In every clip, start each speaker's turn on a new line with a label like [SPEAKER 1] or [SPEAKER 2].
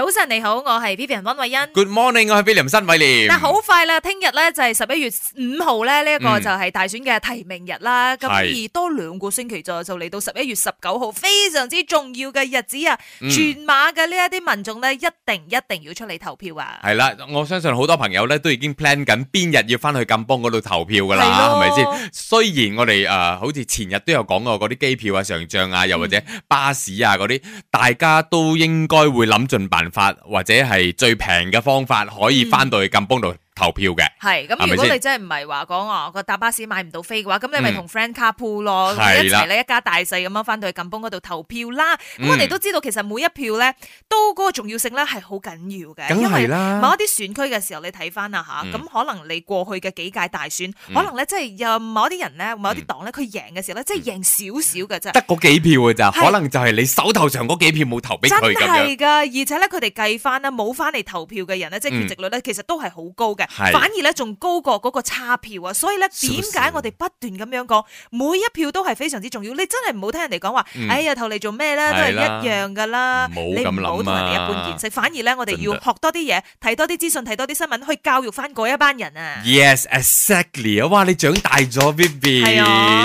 [SPEAKER 1] 早晨你好，我係 Vivian 溫慧欣。
[SPEAKER 2] Good morning，我係 William 申偉廉。但係好
[SPEAKER 1] 快啦，聽日咧就係十一月五號咧，呢一個就係大選嘅提名日啦。咁而多兩個星期左右就嚟到十一月十九號，非常之重要嘅日子啊！全馬嘅呢一啲民眾咧，一定一定要出嚟投票啊！
[SPEAKER 2] 係啦，我相信好多朋友咧都已經 plan 緊邊日要翻去甘榜嗰度投票噶啦，係咪先？雖然我哋誒，好似前日都有講過嗰啲機票啊、上漲啊，又或者巴士啊嗰啲，大家都應該會諗盡辦法或者係最平嘅方法，可以翻到去金邦度。嗯投票
[SPEAKER 1] 嘅係咁，如果你真係唔係話講啊，個搭巴士買唔到飛嘅話，咁你咪同 friend 卡鋪咯，一齊咧，一家大細咁樣翻到去金邦嗰度投票啦。咁我哋都知道，其實每一票咧都嗰個重要性咧係好緊要嘅，因為某一啲選區嘅時候，你睇翻啦吓，咁可能你過去嘅幾屆大選，可能咧即係有某啲人咧，某啲黨咧，佢贏嘅時候咧，即係贏少少嘅咋，得嗰
[SPEAKER 2] 幾票嘅咋，可能就係你手頭上嗰幾票冇投俾佢，真係
[SPEAKER 1] 噶，而且咧佢哋計翻咧，冇翻嚟投票嘅人咧，即係缺席率咧，其實都係好高嘅。是反而咧仲高過嗰個差票啊，所以咧點解我哋不斷咁樣講，每一票都係非常之重要。你真係唔好聽人哋講話，嗯、哎呀投嚟做咩咧都係一樣噶啦。啊、冇咁諗，你唔好同人哋一般見識，反而咧我哋要的學多啲嘢，睇多啲資訊，睇多啲新聞，去教育翻嗰一班人啊。
[SPEAKER 2] Yes, exactly！哇，你長大咗，Vivy，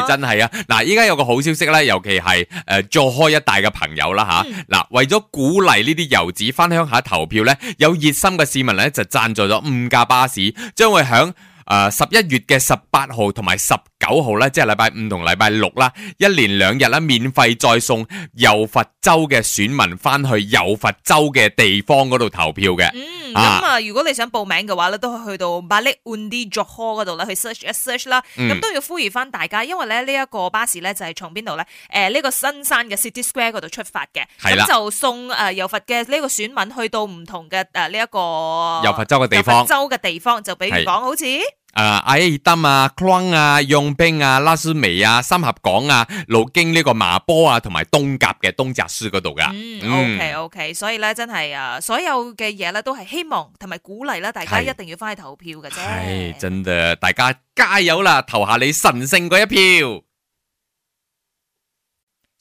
[SPEAKER 2] 真係啊。嗱、啊，依家有個好消息咧，尤其係誒助開一帶嘅朋友啦吓。嗱、啊，嗯、為咗鼓勵呢啲遊子翻鄉下投票咧，有熱心嘅市民咧就贊助咗五架巴士。將會喺誒十一月嘅十八號同埋十九號咧，即係禮拜五同禮拜六啦，一連兩日啦，免費再送有佛州嘅選民翻去有佛州嘅地方嗰度投票嘅、嗯。咁啊，
[SPEAKER 1] 如果你想報名嘅話咧，都可以去到 Balik Undi Johor 嗰度咧去 search 一 search 啦。咁、嗯、都要呼籲翻大家，因為咧呢一個巴士咧就係從邊度咧？誒、呃、呢、呢個新山嘅 City Square 嗰度出發嘅。咁的就送誒柔佛嘅呢個選民去到唔同嘅誒呢一個柔佛
[SPEAKER 2] 州嘅地方柔佛州
[SPEAKER 1] 嘅地方，就比如講好似。
[SPEAKER 2] 誒、呃，阿耶爾登啊 Kong 啊，用兵啊，拉斯美啊，三合港啊，路經呢個馬波啊，同埋東甲嘅東甲市嗰度㗎。嗯，OK
[SPEAKER 1] OK，所以咧真係啊，所有嘅嘢咧都係希望同埋鼓勵啦，大家一定要翻去投票嘅啫。
[SPEAKER 2] 係，真的，大家加油啦，投下你神聖嗰一票。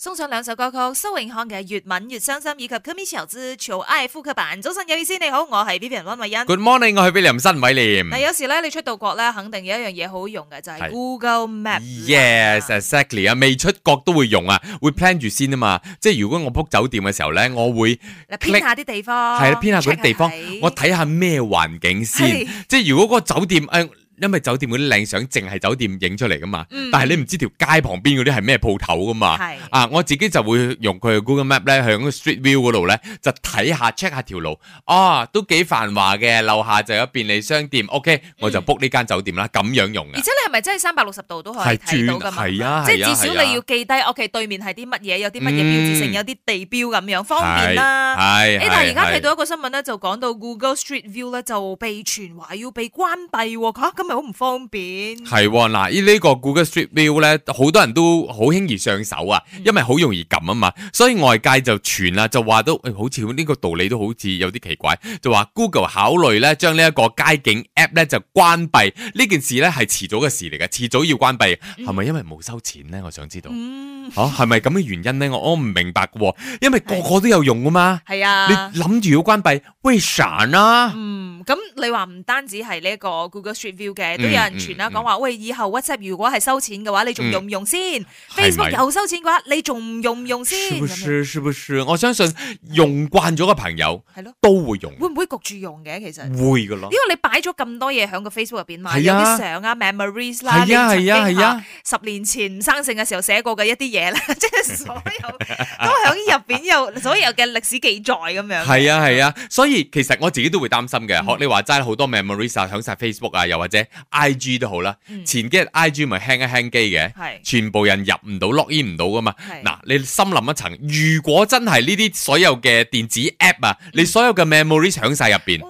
[SPEAKER 1] 送上兩首歌曲，蘇永康嘅《越吻越傷心》以及《Kimi 小之潮愛呼吸版》。早晨有意思，你好，我係 B B 林温慧欣。
[SPEAKER 2] Good morning，我係 B B 林新偉嚟。但
[SPEAKER 1] 有時咧，你出到國咧，肯定有一樣嘢，好用嘅，就係 Google Map。
[SPEAKER 2] Yes，Exactly 啊，未出國都會用啊，會 plan 住先啊嘛。即係如果我 book 酒店嘅時候咧，我會，
[SPEAKER 1] 嗱，plan 下啲地
[SPEAKER 2] 方，係啦，plan 下嗰啲地方，我睇下咩環境先。即係如果嗰個酒店誒。因為酒店嗰啲靚相淨係酒店影出嚟噶嘛，嗯、但係你唔知條街旁邊嗰啲係咩鋪頭噶嘛。是啊，我自己就會用佢嘅 Google Map 咧，喺嗰個 Street View 嗰度咧就睇下 check 下條路，啊都幾繁華嘅，樓下就有便利商店。OK，我就 book 呢間酒店啦。咁樣用，嘅。
[SPEAKER 1] 而且你係咪真係三百六十度都可以轉到㗎？係啊，即係、啊啊、至少你要記低屋企對面係啲乜嘢，有啲乜嘢標誌性，嗯、有啲地標咁樣方便啦。誒是，是但係而家睇到一個新聞咧，就講到 Google Street View 咧就被傳話要被關閉嚇咁。啊好唔方便
[SPEAKER 2] 係。嗱，呢呢個 Google Street View 咧，好多人都好輕易上手啊，嗯、因為好容易撳啊嘛，所以外界就傳啦、啊，就話都誒好似呢個道理都好似有啲奇怪，就話 Google 考慮咧將呢一個街景 App 咧就關閉呢件事咧係遲早嘅事嚟嘅，遲早要關閉，係咪、嗯、因為冇收錢咧？我想知道，吓係咪咁嘅原因咧？我我唔明白嘅、啊，因為個個都有用噶嘛，係啊，你諗住要關閉，喂啥啊，嗯，
[SPEAKER 1] 咁你話唔單止係呢一個 Google Street View。嘅都有人傳啦，講話，喂，以後 WhatsApp 如果係收錢嘅話，你仲用唔用先？Facebook 又收錢嘅話，你仲用唔用先？是不是？
[SPEAKER 2] 是不是？我相信用慣咗個朋友係咯，都會用。
[SPEAKER 1] 會唔會焗住用嘅？其實
[SPEAKER 2] 會噶咯，因為
[SPEAKER 1] 你擺咗咁多嘢喺個 Facebook 入邊嘛，有啲相啊，memories，係啊係啊係啊，十年前生性嘅時候寫過嘅一啲嘢啦，
[SPEAKER 2] 即係所
[SPEAKER 1] 有都喺入邊有所有嘅歷史記載咁樣。係
[SPEAKER 2] 啊係啊，所以其實我自己都會擔心嘅。學你話齋好多 memories 響晒 Facebook 啊，又或者。I G 都好啦，前幾日 I G 咪輕一輕機嘅，係全部人入唔到，login 唔到噶嘛。嗱，你心諗一層，如果真係呢啲所有嘅電子 app 啊，你所有嘅 memory 搶晒入邊，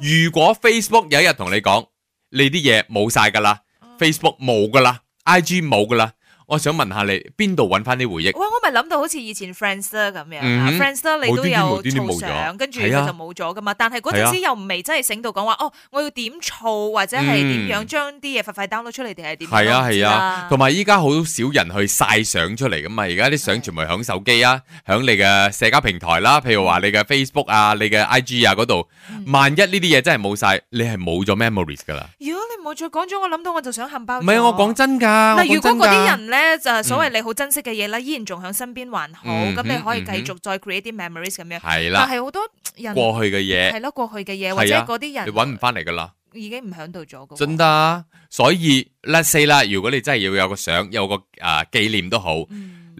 [SPEAKER 2] 如果 Facebook 有一日同你講，你啲嘢冇晒噶啦，Facebook 冇噶啦，I G 冇噶啦。我想問下你邊度揾返啲回憶？哇！
[SPEAKER 1] 我咪諗到好似以前、嗯、Friends 咁樣，Friends 啦你都有儲相，跟住佢就冇咗噶嘛。啊、但係嗰陣時又未真係醒到講話，哦，我要點儲或者係點樣將啲嘢快快 download 出嚟定係點？係啊係啊，同
[SPEAKER 2] 埋依家好少人去晒相出嚟噶嘛。而家啲相全部係響手機啊，響你嘅社交平台啦、啊，譬如話你嘅 Facebook 啊、你嘅 IG 啊嗰度。萬一呢啲嘢真係冇晒，你係冇咗 memories 噶啦。嗯
[SPEAKER 1] 冇錯講咗，我諗到我就想喊包。唔係啊，我講真噶，嗱，如果嗰啲人咧就係所謂你好珍惜嘅嘢咧，依然仲喺身邊還好，咁你可以繼續再 create 啲 memories 咁樣。係啦，但係好多人過去嘅嘢係咯，過去嘅嘢或者嗰啲人，你
[SPEAKER 2] 搵唔翻嚟噶啦，
[SPEAKER 1] 已經唔響度咗噶。真
[SPEAKER 2] 得，所以 let’s say 啦，如果你真係要有個相，有個啊紀念都好。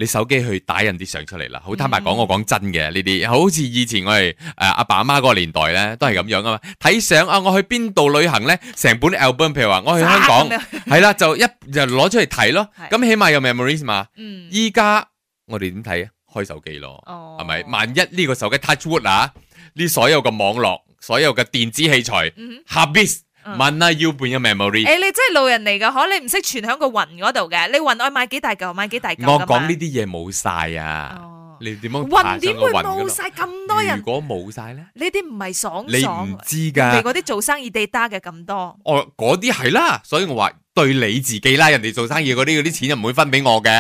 [SPEAKER 2] 你手機去打印啲相出嚟啦，好坦白講，我講真嘅呢啲，好似以前我哋誒阿爸阿媽嗰個年代咧，都係咁樣啊嘛，睇相啊，我去邊度旅行咧，成本 album，譬如話我去香港，係、啊、啦， 就一就攞出嚟睇咯，咁是起碼有 memories 嘛。依家、嗯、我哋點睇啊？開手機咯，係咪、哦？萬一呢個手機 touch wood 啊？呢所有嘅網絡，所有嘅電子器材 habits,、嗯 S, 嗯 問啊，要變嘅 memory？誒，
[SPEAKER 1] 你真係路人嚟噶，可你唔識存喺個雲嗰度嘅？你雲愛買幾大嚿，買幾大嚿？我講呢
[SPEAKER 2] 啲嘢冇晒啊！你點樣？雲點會冇晒
[SPEAKER 1] 咁多人？如
[SPEAKER 2] 果冇晒咧？
[SPEAKER 1] 呢啲唔係爽，你唔
[SPEAKER 2] 知噶，係嗰啲
[SPEAKER 1] 做生意 data 嘅咁多。
[SPEAKER 2] 哦，嗰啲係啦，所以我話對你自己啦，人哋做生意嗰啲嗰啲錢又唔會分俾我嘅。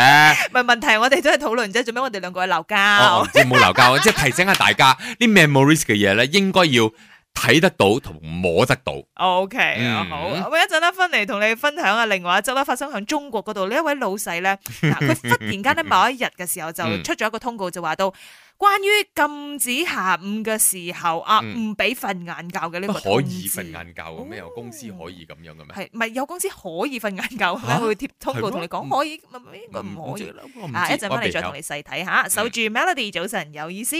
[SPEAKER 1] 唔係問題，我哋都係討論啫，做咩我哋兩個去鬧交？
[SPEAKER 2] 冇鬧交，即係提醒下大家，啲 memories 嘅嘢咧，應該要。睇得到同摸得到，OK、啊、
[SPEAKER 1] 好，我一陣咧翻嚟同你分享啊，另外一則咧發生喺中國嗰度，呢一位老細咧，
[SPEAKER 2] 佢 忽然間咧某一
[SPEAKER 1] 日嘅時候就出咗一個通告，就話到關於禁止下午嘅時候啊，唔俾瞓晏覺嘅呢個可以
[SPEAKER 2] 瞓晏覺，咩、哦哦、有公司可以咁樣嘅咩？係
[SPEAKER 1] 唔係有公司可以瞓晏覺？佢麼會貼通告同你講可以，咩唔可以一陣翻嚟再同你細睇下，守住 Melody Hayır.、mm. 早晨有意思。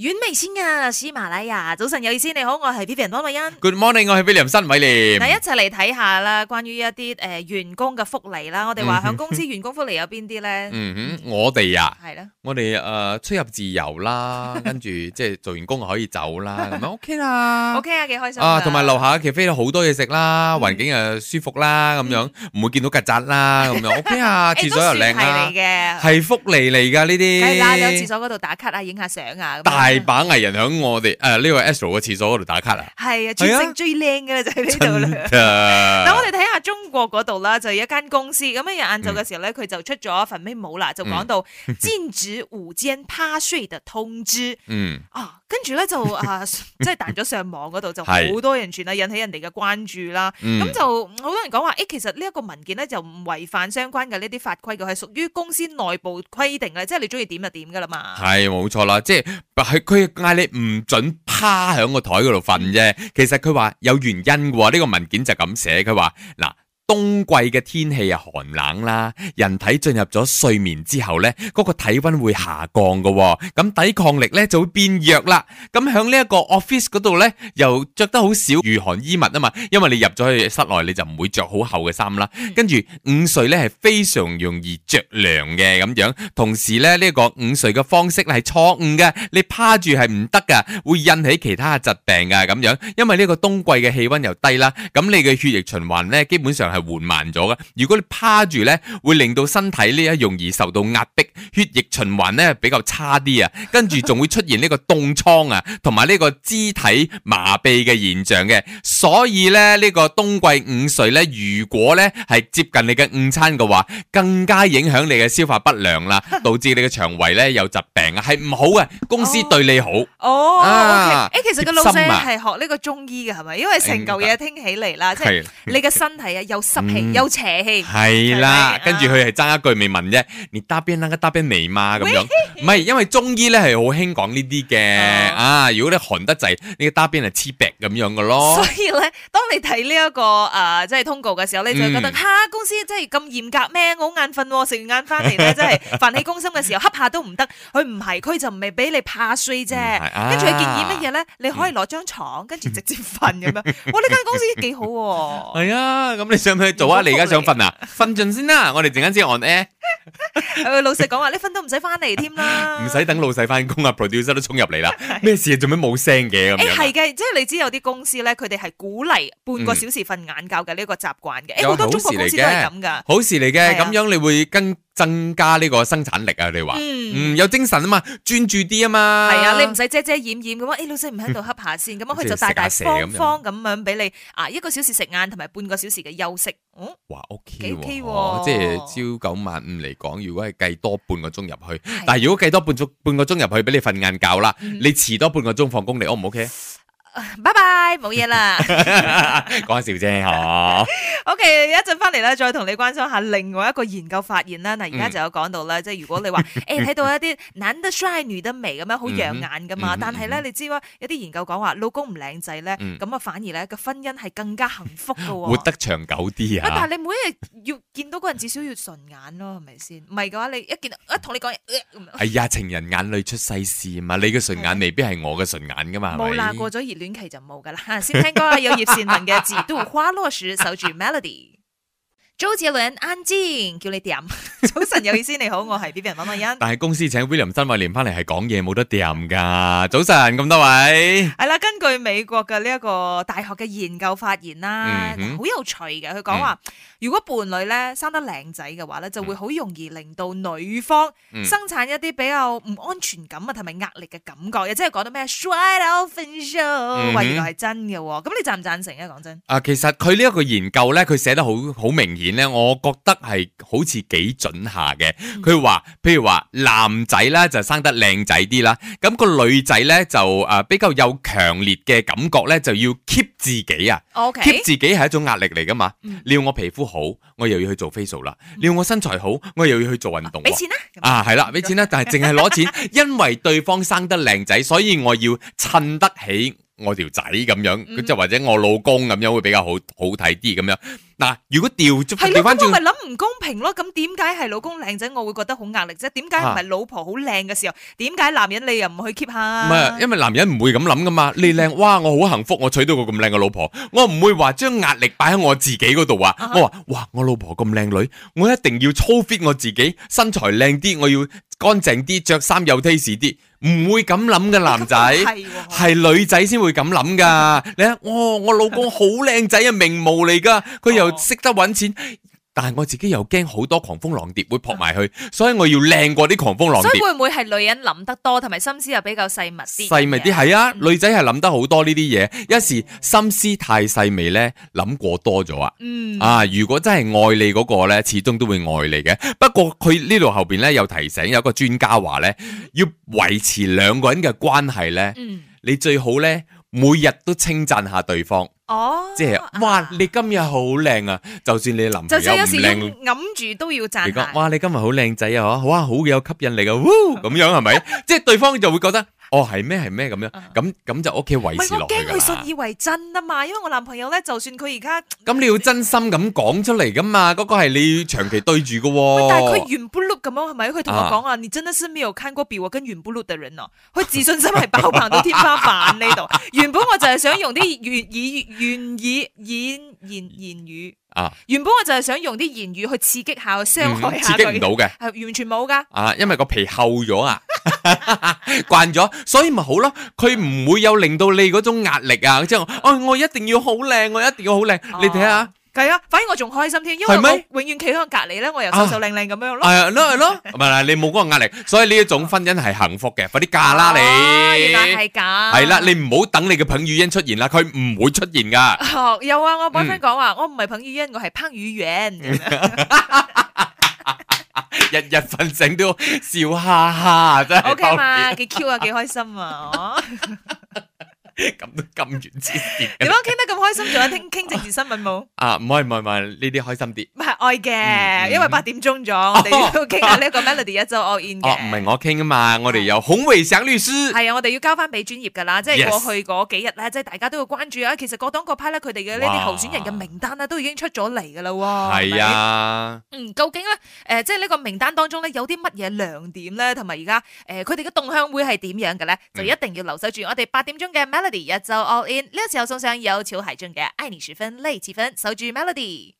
[SPEAKER 1] 遠未先啊，斯馬拉呀！早晨有意思，你好，我係 Vivian 溫偉恩。
[SPEAKER 2] Good morning，我係 Billiam 申偉廉。嗱，一
[SPEAKER 1] 齊嚟睇下啦，關於一啲誒員工嘅福利啦。我哋話響公司員工福利有邊啲咧？嗯
[SPEAKER 2] 哼，我哋啊，係啦，我哋誒出入自由啦，跟住即係做完工可以走啦，咁啊 OK
[SPEAKER 1] 啦，OK 啊，幾開心啊，同
[SPEAKER 2] 埋樓下嘅咖啡有好多嘢食啦，環境又舒服啦，咁樣唔會見到曱甴啦，咁樣 OK 啊，廁所又靚啊，係福利嚟嘅，係福利嚟噶呢啲，係啦，喺廁
[SPEAKER 1] 所嗰度打卡啊，影下相啊，大。
[SPEAKER 2] 係把藝人響我哋誒呢個 Astro 嘅廁所嗰度打卡啦，
[SPEAKER 1] 係啊，最正最靚嘅就喺呢度
[SPEAKER 2] 啦。嗱我哋
[SPEAKER 1] 睇下中國嗰度啦，就係一間公司咁一日晏晝嘅時候咧，佢就出咗一份咩冇啦，就講到禁止午間趴睡的通知。
[SPEAKER 2] 嗯
[SPEAKER 1] 啊，跟住咧就啊，即係彈咗上網嗰度就好多人傳啦，引起人哋嘅關注啦。咁就好多人講話，誒，其實呢一個文件咧就唔違反相關嘅呢啲法規嘅，係屬於公司內部規定嘅，即係你中意點就點噶啦嘛。
[SPEAKER 2] 係冇錯啦，即係。佢嗌你唔准趴響個台嗰度瞓啫，其實佢話有原因嘅，呢個文件就咁寫，佢話嗱。冬季嘅天氣又寒冷啦，人體進入咗睡眠之後呢嗰個體溫會下降噶，咁抵抗力呢就會變弱啦。咁響呢一個 office 嗰度呢，又着得好少禦寒衣物啊嘛，因為你入咗去室內，你就唔會着好厚嘅衫啦。跟住午睡呢係非常容易着涼嘅咁樣，同時呢，呢一個午睡嘅方式呢係錯誤嘅，你趴住係唔得噶，會引起其他疾病噶咁樣，因為呢個冬季嘅氣溫又低啦，咁你嘅血液循環呢，基本上係。緩慢咗嘅，如果你趴住咧，會令到身體呢一容易受到壓迫，血液循環咧比較差啲啊，跟住仲會出現呢個凍瘡啊，同埋呢個肢體麻痹嘅現象嘅。所以咧呢個冬季午睡咧，如果咧係接近你嘅午餐嘅話，更加影響你嘅消化不良啦，導致你嘅腸胃咧有疾病啊，係唔好啊。公司對你好哦，誒，其實個老細係
[SPEAKER 1] 學呢個中醫嘅係咪？因為成嚿嘢聽起嚟啦，即係你嘅身體啊又。濕氣有邪氣，
[SPEAKER 2] 係啦，跟住佢係爭一句未問啫，你打邊啷個打邊嚟嘛咁樣，唔係因為中醫咧係好興講呢啲嘅，啊，如果你寒得滯，呢個打邊係黐病咁樣嘅咯。所
[SPEAKER 1] 以咧，當你睇呢一個誒，即係通告嘅時候咧，就覺得吓公司真係咁嚴格咩？我好眼瞓，食完晏翻嚟咧真係飯氣攻心嘅時候，瞌下都唔得。佢唔係，佢就唔係俾你趴睡啫。跟住佢建議乜嘢咧？你可以攞張床，跟住直接瞓咁樣。哇，呢間公司幾好喎。
[SPEAKER 2] 係啊，咁你想？去做啊！你而家想瞓啊？瞓盡先 啦，我哋陣間先按 A。
[SPEAKER 1] 老實講話，你瞓都唔使翻嚟添啦，
[SPEAKER 2] 唔使等老細翻工啊 producer 都衝入嚟啦，咩事啊？做咩冇聲嘅咁樣？誒、欸，係嘅，
[SPEAKER 1] 即係你知有啲公司咧，佢哋係鼓勵半個小時瞓晏覺嘅呢、嗯、個習慣嘅。誒、欸，好多中國公司都係咁噶。好事嚟嘅，咁樣
[SPEAKER 2] 你會更。增加呢個生產力啊！你話，嗯，嗯，有精神啊嘛，專注啲啊嘛。係啊，你唔
[SPEAKER 1] 使遮遮掩掩咁啊，誒、哎，老師唔喺度，瞌下先咁啊，佢就大，大大方方咁樣俾你啊，一個小時食晏，同埋半個小時嘅休息。嗯，
[SPEAKER 2] 哇，O、okay 啊、K，、okay 啊哦、即係朝九晚五嚟講，如果係計多半個鐘入去，的但係如果計多半鐘半個鐘入去，俾你瞓晏覺啦，你遲多半個鐘放工你 o 唔 O K？
[SPEAKER 1] 拜拜，冇嘢啦，
[SPEAKER 2] 講笑啫嗬。
[SPEAKER 1] OK，一陣翻嚟咧，再同你關心下另外一個研究發現啦。嗱，而家就有講到啦，嗯、即係如果你話誒睇到一啲難得 shine 如得眉咁樣好養眼噶嘛。嗯嗯，但係咧你知啦，有啲研究講話老公唔靚仔咧，咁啊、嗯、反而咧個婚姻係更加幸福噶，活
[SPEAKER 2] 得長久啲啊。但係你
[SPEAKER 1] 每日要。見到嗰人至少要順眼咯，係咪先？唔係嘅話，你一見到一同、啊、你講，呃、
[SPEAKER 2] 哎呀，情人眼裏出西施嘛，你嘅順眼未必係我嘅順眼噶嘛，冇啦、哎呀，過
[SPEAKER 1] 咗熱戀期就冇噶啦。 先聽歌啦，有葉倩文嘅《自度 花落時》，守住 melody。早字嘅女人 Angie 叫你掂，早晨有意思，你好，我係 B B 人温文欣，
[SPEAKER 2] 但係公司請 William 新偉廉翻嚟係講嘢冇得掂噶，早晨咁多位
[SPEAKER 1] 係啦。根據美國嘅呢一個大學嘅研究發現啦，好有趣嘅。佢講話如果伴侶咧，生得靚仔嘅話咧，就會好容易令到女方生產一啲比較唔安全感啊，同埋壓力嘅感覺。又即係講到咩？帥到分手，原來係真嘅。咁你贊唔贊成啊？講真
[SPEAKER 2] 啊，其實佢呢一個研究咧，佢寫得好好明顯。我覺得係好似幾準下嘅。佢話，嗯、譬如話男仔呢，就生得靚仔啲啦，咁、個女仔呢，就誒、呃、比較有強烈嘅感覺呢，就要 keep 自己啊。OK，keep 自己係一種壓力嚟噶嘛。你要我皮膚好，我又要去做 facial 啦；嗯、你要我身材好，我又要去做運動、啊。俾、啊、錢、啊啊、啦！錢啊，係啦，俾錢啦，但係淨係攞錢， 因為對方生得靚仔，所以我要襯得起。我條仔咁樣，佢、嗯、或者我老公咁樣會比較好好睇啲咁樣。嗱，如果掉咗調翻轉，係咯了，正我咪
[SPEAKER 1] 諗唔公平咯。咁點解係老公靚仔，我會覺得好壓力啫？點解唔係老婆好靚嘅時候？點解、啊、男人你又唔去 keep 下？唔係，
[SPEAKER 2] 因為男人唔會咁諗噶嘛。你靚，哇！我好幸福，我娶到個咁靚嘅老婆，我唔會話將壓力擺喺我自己嗰度啊。我話，哇！我老婆咁靚女，我一定要操 fit 我自己，身材靚啲，我要乾淨啲，着衫又 taste 啲。唔會咁諗嘅男仔，係女仔先會咁諗噶。 你睇，我、哦、我老公好靚仔啊， 名模嚟噶，佢又識得搵錢。哦但係我自己又驚好多狂蜂浪蝶會撲埋去，嗯、所以我要靚過啲狂蜂浪蝶。所以會唔
[SPEAKER 1] 會係女人諗得多，同埋心思又比較細密啲？細密啲係
[SPEAKER 2] 啊，嗯、女仔係諗得好多呢啲嘢，一時心思太細微呢，諗過多咗啊！嗯、啊，如果真係愛你嗰、嗰個呢，始終都會愛你嘅。不過佢呢度後邊呢，有提醒，有一個專家話呢、嗯、要維持兩個人嘅關係呢，嗯、你最好呢每日都稱讚下對方。哦，即係哇！你今日好靚啊，就算你男朋友唔靚，就算有時
[SPEAKER 1] 揞住都要讚。你講
[SPEAKER 2] 哇！你今日好靚仔啊，好啊，好有吸引力啊！咁樣係咪？ 即係對方就會覺得哦係咩係咩咁樣，咁咁、啊、就屋企維持落去啦。我驚佢信
[SPEAKER 1] 以為真啊嘛，因為我男朋友咧，就算佢而家
[SPEAKER 2] 咁你要真心咁講出嚟噶嘛，嗰、那個係你長期對住噶、啊。但係佢
[SPEAKER 1] 袁不禄咁樣係咪？佢同我講啊，你真係沒有看過比我跟袁不禄的人咯、啊。佢自信心係爆棚到天花板呢度。 原本我就係想用啲粵語願意演言言，言語啊！原本我就係想用啲言語去刺激下，傷害下，刺激唔到嘅，係完全冇噶。
[SPEAKER 2] 啊，因為個皮厚咗啊，慣咗， 所以咪好咯。佢唔會有令到你嗰種壓力啊！即係，哎，我一定要好靚，我一定要好靚，啊、你睇下。係啊，反而我仲
[SPEAKER 1] 開心添，因為我永遠企喺我隔籬咧，我又瘦瘦靚靚咁樣咯。係咯係咯，
[SPEAKER 2] 唔係啦，你冇嗰個壓力，所以呢一種婚姻係幸福嘅，快啲嫁啦你。哦，
[SPEAKER 1] 原來係咁。係啦，
[SPEAKER 2] 你唔好等你嘅捧語音出現啦，佢唔會出現噶。
[SPEAKER 1] 有啊，我本身講話，我唔係捧語音，我係拍演員。
[SPEAKER 2] 日日瞓醒都笑哈哈，真係。O K 嘛，
[SPEAKER 1] 幾 Q 啊，幾開心啊。
[SPEAKER 2] 咁 都咁完，之點？點解傾
[SPEAKER 1] 得咁開心？仲有聽傾政治新聞冇？
[SPEAKER 2] 啊唔可以唔可以呢啲開心啲，
[SPEAKER 1] 唔係愛嘅，嗯、因為八點鐘咗，嗯、我哋要傾下呢個 Melody 一早我 in 哦，唔、哦、
[SPEAKER 2] 係我傾啊嘛，我哋有孔維祥律師
[SPEAKER 1] 係 啊，我哋要交翻俾專業噶啦，即係過去嗰幾日咧，即係大家都要關注啊。其實各黨各派咧，佢哋嘅呢啲候選人嘅名單啦，都已經出咗嚟噶啦，係哇啊、嗯，究竟咧誒、呃，即係呢個名單當中咧有啲乜嘢亮點咧，同埋而家誒，佢哋嘅動向會係點樣嘅咧，就一定要留守住我、嗯。我哋八點鐘嘅 Melody。一就 all, all in，呢次又送上由裘海正嘅《愛你十分淚七分》首句 melody。